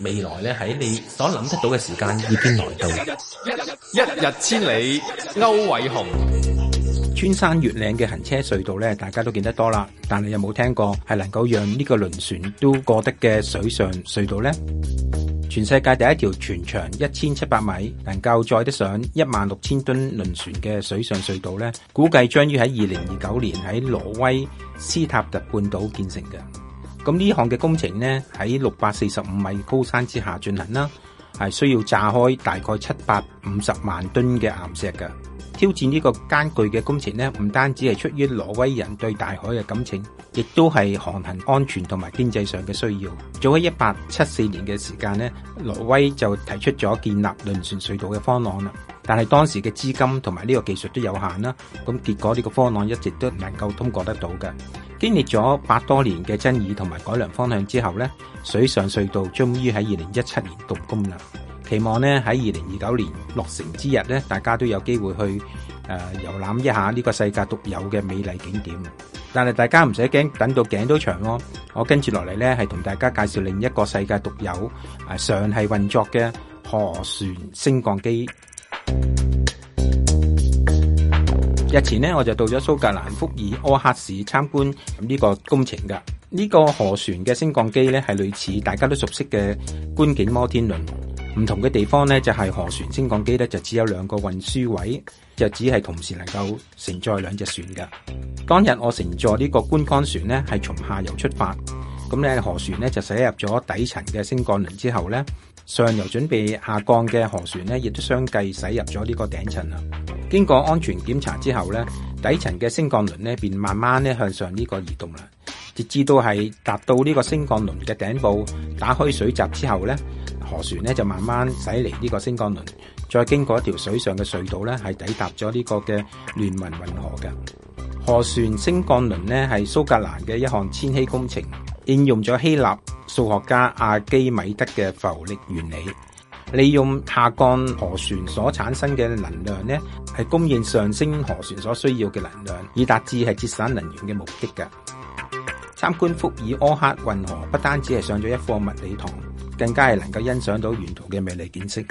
未來咧，喺你所諗得到嘅時間已經來到，一日千里，區煒洪，穿山越嶺嘅行車隧道咧，大家都見得多啦。但你有冇聽過係能夠讓呢個輪船都過得嘅水上隧道呢？全世界第一條全長一千七百米，能夠載得上一萬六千噸輪船嘅水上隧道呢，估計將於喺二零二九年喺挪威斯塔特半島建成嘅。咁呢項嘅工程呢，喺六百四十五米高山之下進行啦，係需要炸開大概七百五十萬噸嘅岩石㗎。挑戰呢個艱巨嘅工程呢，唔單止係出於挪威人對大海嘅感情，亦都係航行安全同埋經濟上嘅需要。早喺一八七四年嘅時間呢，挪威就提出咗建立輪船隧道嘅方案啦。但係當時嘅資金同埋呢個技術都有限啦，咁結果呢個方案一直都唔能夠通過得到嘅。經歷咗百多年嘅爭議同埋改良方向之後呢，水上隧道終於喺二零一七年動工啦。期望呢，喺二零二九年落成之日呢，大家都有機會去誒遊覽一下呢個世界獨有嘅美麗景點。但係大家唔使驚，等到頸都長咯。我跟住落嚟呢，係同大家介紹另一個世界獨有誒尚係運作嘅河船升降機。日前咧，我就到咗蘇格蘭福爾柯克市參觀呢個工程㗎。呢個河船嘅升降機咧，係類似大家都熟悉嘅觀景摩天輪，唔同嘅地方咧就係河船升降機咧就只有兩個運輸位，就只係同時能夠乘載兩隻船㗎。當日我乘坐呢個觀光船咧，係從下游出發，咁咧河船咧就駛入咗底層嘅升降輪之後咧。上游準備下降嘅河船咧，亦都相繼駛入咗呢個頂層啦。經過安全檢查之後咧，底層嘅升降輪咧便慢慢咧向上呢個移動啦。直至到係達到呢個升降輪嘅頂部，打開水閘之後咧，河船咧就慢慢駛離呢個升降輪，再經過一條水上嘅隧道咧，係抵達咗呢個嘅聯盟運河嘅河船升降輪咧，係蘇格蘭嘅一項千禧工程，應用咗希臘。數學家阿基米德嘅浮力原理，利用下降河船所產生嘅能量呢，係供應上升河船所需要嘅能量，以達至係節省能源嘅目的㗎。參觀福爾柯克運河，不單止係上咗一課物理堂，更加係能夠欣賞到沿途嘅美麗景色。